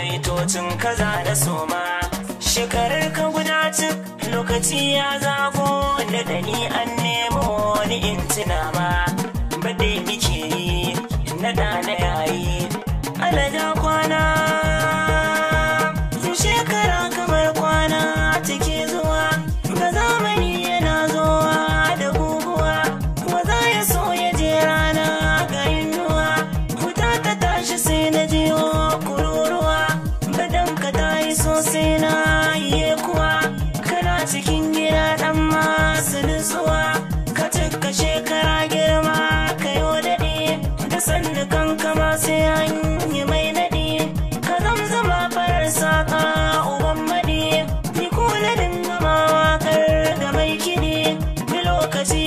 maitocin kaza da soma shekarar ka guda cik lokaci ya zago da dani an nemo wani intina ma bade yi na da yayi alajabu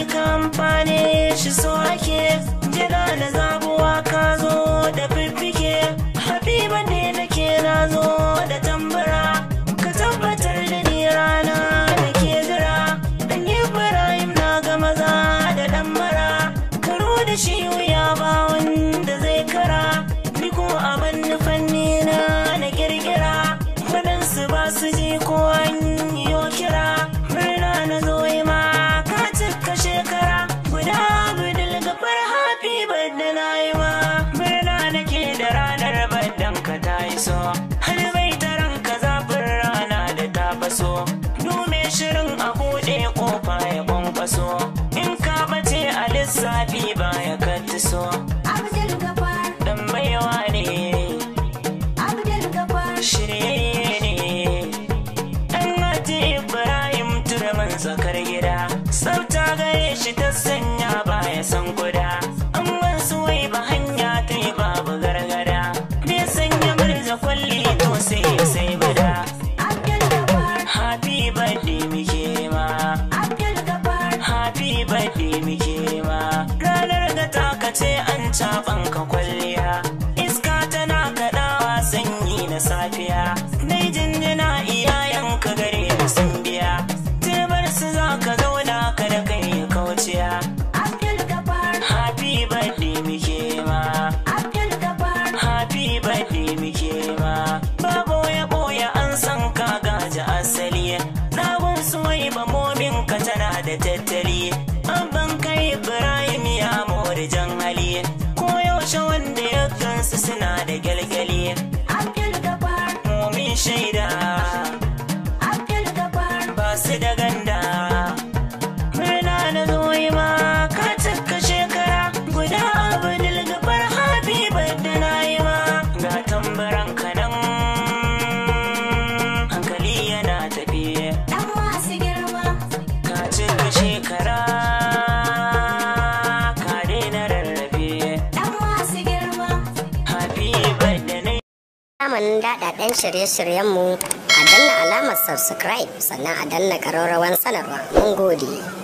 kamfani shi so ake jira da zabuwa ka zo na yi ma murna nake da ranar baddan ta iso har bai taron ka zafin rana da ta faso dume shirin a buɗe kofa ya kwankwaso in ka bace a lissafi ba ya kattiso abdul gafar dan baiwa ne abdul gafar shirye ne dan mati ibrahim turman tsakar gida sauta gare shi ta sanya ba ya san guda hali kai ibrahim ya mori jan hali ko yaushe wanda ya gansu suna da gyalgyali daɗe-dan shirye-shiryenmu a danna alamar subscribe sannan a danna ƙararrawan sanarwa. Mun gode.